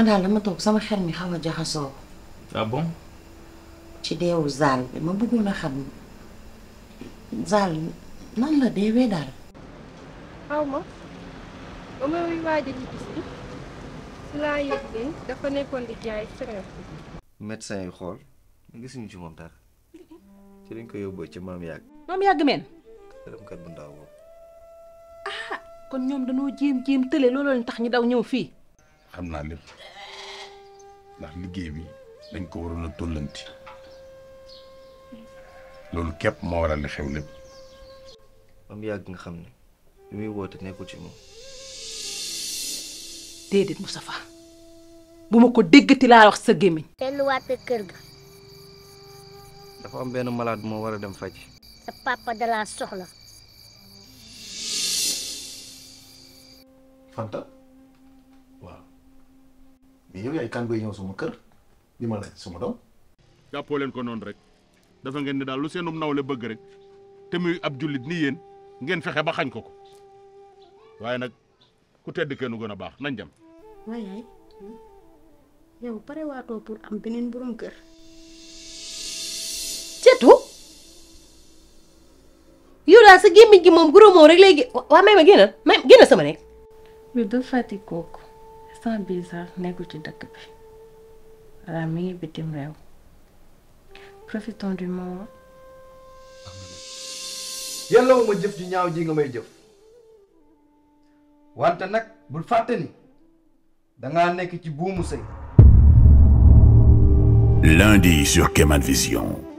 man daal dama toog sama xel mi xaw a jaxasoo. ah bon. ci deewu zaal bi ma bëggoon a xam zaal nan la deewee daal. xaw ma ba may waaj a gis si laa yëg ni dafa nekkoon di jaay médecin yi xool gisuñu ci moom dara ci lañ ko yóbboo ci maam yàgg. maam yàgg meen. kat bu kon ñoom dañoo jéem jéem tële looloo tax ñu daw ñëw fii. xamna lépp ndax liggey bi dañ ko waroon a tollanti loolu képp moo waral li xew lépp. bam yag nga xam ne li muy woote nekkul ci moom. déedéet mustafa buma ko déggati la wax sa gemi kenn waate keur ga. dafa am ben malade mo wara dem faj. sa papa da la soxla. Fanta waaw. mais yow yaay kan bay ñëw suma kër di ma laaj suma doom. jàppoo leen ko noonu rek dafa ngeen ne daal lu seenum nawle bëgg rek te muy ab jullit ni yéen ngeen fexe ba xañ ko ko waaye nag ku tedd kenn gën a baax nañ dem. waaye yow pare waatoo pour am beneen borom kër. ceetu yow daal sa gémmiñ gi moom goro moom rek léegi waa may ma génn may génn sama nekk. sans biir sax nekkul ci dëkk bi voilà mi ngi bitim réew profitons du moment. yelloo ma jëf ju ñaaw ji nga may jëf wante nak bu fàtte ni nga nekk ci buumu sey lundi sur Kémane Vision.